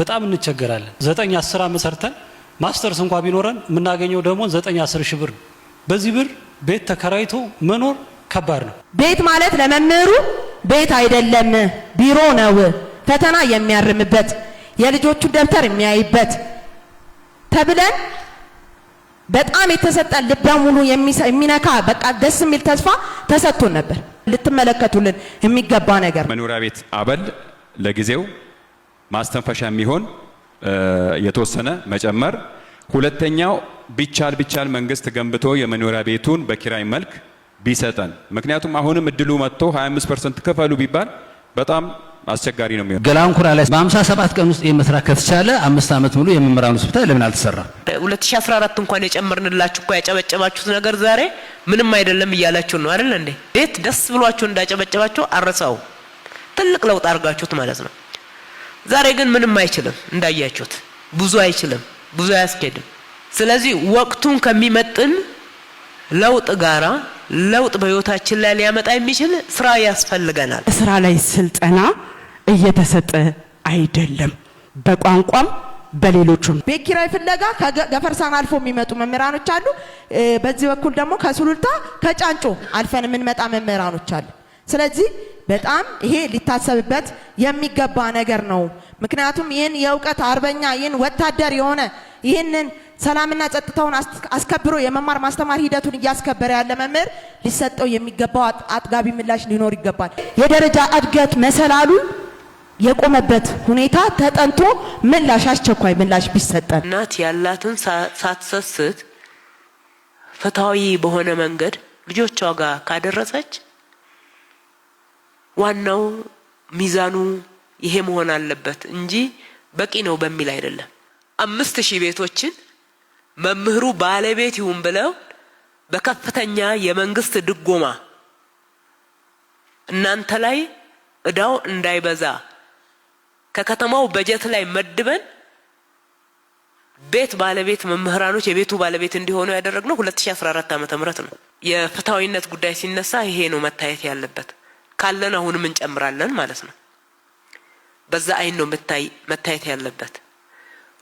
በጣም እንቸገራለን። ዘጠኝ አስር ዓመት ሰርተን ማስተርስ እንኳ ቢኖረን የምናገኘው ደግሞ ዘጠኝ አስር ሺህ ብር ነው። በዚህ ብር ቤት ተከራይቶ መኖር ከባድ ነው። ቤት ማለት ለመምህሩ ቤት አይደለም፣ ቢሮ ነው። ፈተና የሚያርምበት የልጆቹን ደብተር የሚያይበት ተብለን በጣም የተሰጠን ልበ ሙሉ የሚነካ በቃ ደስ የሚል ተስፋ ተሰጥቶን ነበር። ልትመለከቱልን የሚገባ ነገር መኖሪያ ቤት አበል ለጊዜው ማስተንፈሻ የሚሆን የተወሰነ መጨመር። ሁለተኛው ቢቻል ቢቻል መንግስት ገንብቶ የመኖሪያ ቤቱን በኪራይ መልክ ቢሰጠን። ምክንያቱም አሁንም እድሉ መጥቶ 25 ፐርሰንት ክፈሉ ቢባል በጣም አስቸጋሪ ነው የሚሆነው። ገላንኩራ ላይ በ57 ቀን ውስጥ የመስራት ከተቻለ አምስት ዓመት ሙሉ የመምህራን ሆስፒታል ለምን አልተሰራ? 2014 እንኳን የጨመርንላችሁ እኮ ያጨበጨባችሁት ነገር ዛሬ ምንም አይደለም እያላችሁ ነው አይደል እንዴ? ቤት ደስ ብሏችሁ እንዳጨበጨባችሁ አረሳው። ትልቅ ለውጥ አድርጋችሁት ማለት ነው። ዛሬ ግን ምንም አይችልም። እንዳያችሁት ብዙ አይችልም፣ ብዙ አያስኬድም። ስለዚህ ወቅቱን ከሚመጥን ለውጥ ጋራ ለውጥ በህይወታችን ላይ ሊያመጣ የሚችል ስራ ያስፈልገናል። ስራ ላይ ስልጠና እየተሰጠ አይደለም፣ በቋንቋም በሌሎቹም ቤት ኪራይ ፍለጋ ከገፈርሳን አልፎ የሚመጡ መምህራኖች አሉ። በዚህ በኩል ደግሞ ከሱሉልታ ከጫንጮ አልፈን የምንመጣ መምህራኖች አሉ። ስለዚህ በጣም ይሄ ሊታሰብበት የሚገባ ነገር ነው። ምክንያቱም ይህን የእውቀት አርበኛ ይህን ወታደር የሆነ ይህንን ሰላምና ጸጥታውን አስከብሮ የመማር ማስተማር ሂደቱን እያስከበረ ያለ መምህር ሊሰጠው የሚገባው አጥጋቢ ምላሽ ሊኖር ይገባል። የደረጃ እድገት መሰላሉ የቆመበት ሁኔታ ተጠንቶ ምላሽ አስቸኳይ ምላሽ ቢሰጠን እናት ያላትን ሳትሰስት ፍትሐዊ በሆነ መንገድ ልጆቿ ጋር ካደረሰች ዋናው ሚዛኑ ይሄ መሆን አለበት እንጂ በቂ ነው በሚል አይደለም። አምስት ሺህ ቤቶችን መምህሩ ባለቤት ይሁን ብለው በከፍተኛ የመንግስት ድጎማ እናንተ ላይ እዳው እንዳይበዛ ከከተማው በጀት ላይ መድበን ቤት ባለቤት መምህራኖች የቤቱ ባለቤት እንዲሆኑ ያደረግነው 2014 ዓመተ ምህረት ነው። የፍትሐዊነት ጉዳይ ሲነሳ ይሄ ነው መታየት ያለበት። ካለን አሁንም እንጨምራለን ማለት ነው። በዛ አይን ነው መታየት ያለበት።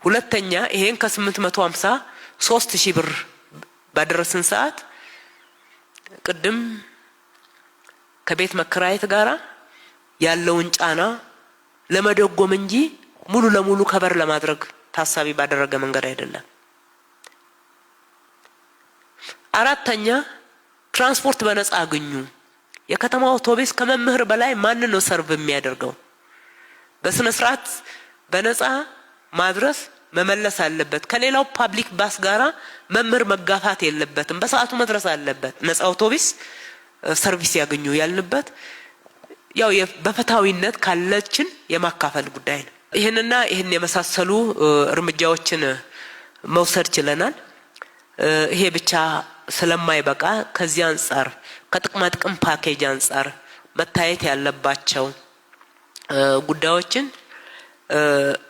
ሁለተኛ ይሄን ከስምንት መቶ ሀምሳ ሶስት ሺህ ብር ባደረስን ሰዓት ቅድም ከቤት መከራየት ጋራ ያለውን ጫና ለመደጎም እንጂ ሙሉ ለሙሉ ከበር ለማድረግ ታሳቢ ባደረገ መንገድ አይደለም። አራተኛ ትራንስፖርት በነጻ አግኙ። የከተማ አውቶቡስ ከመምህር በላይ ማንን ነው ሰርቭ የሚያደርገው? በስነ ስርዓት በነፃ ማድረስ መመለስ አለበት። ከሌላው ፓብሊክ ባስ ጋራ መምህር መጋፋት የለበትም። በሰዓቱ መድረስ አለበት። ነፃ አውቶቡስ ሰርቪስ ያገኙ ያልንበት ያው በፍትሃዊነት ካለችን የማካፈል ጉዳይ ነው። ይህንና ይህን የመሳሰሉ እርምጃዎችን መውሰድ ችለናል። ይሄ ብቻ ስለማይበቃ ከዚህ አንጻር ከጥቅማ ጥቅም ፓኬጅ አንጻር መታየት ያለባቸው ጉዳዮችን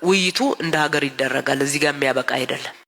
ውይይቱ እንደ ሀገር ይደረጋል። እዚህ ጋር የሚያበቃ አይደለም።